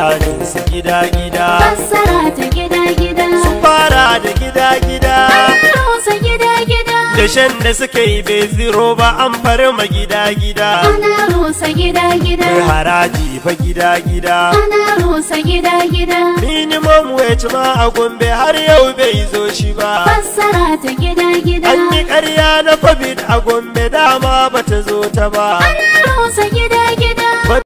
tajin su gida gida fassara ta gida gida su fara da gida gida sa gida gida da da suka yi bai ziro ba an ma gida gida ana rusa gida gida haraji fa gida gida ana rusa gida gida minimum wage ma a gombe har yau bai zo shi ba fassara ta gida gida an yi ƙarya na covid a gombe dama bata zo ta ba ana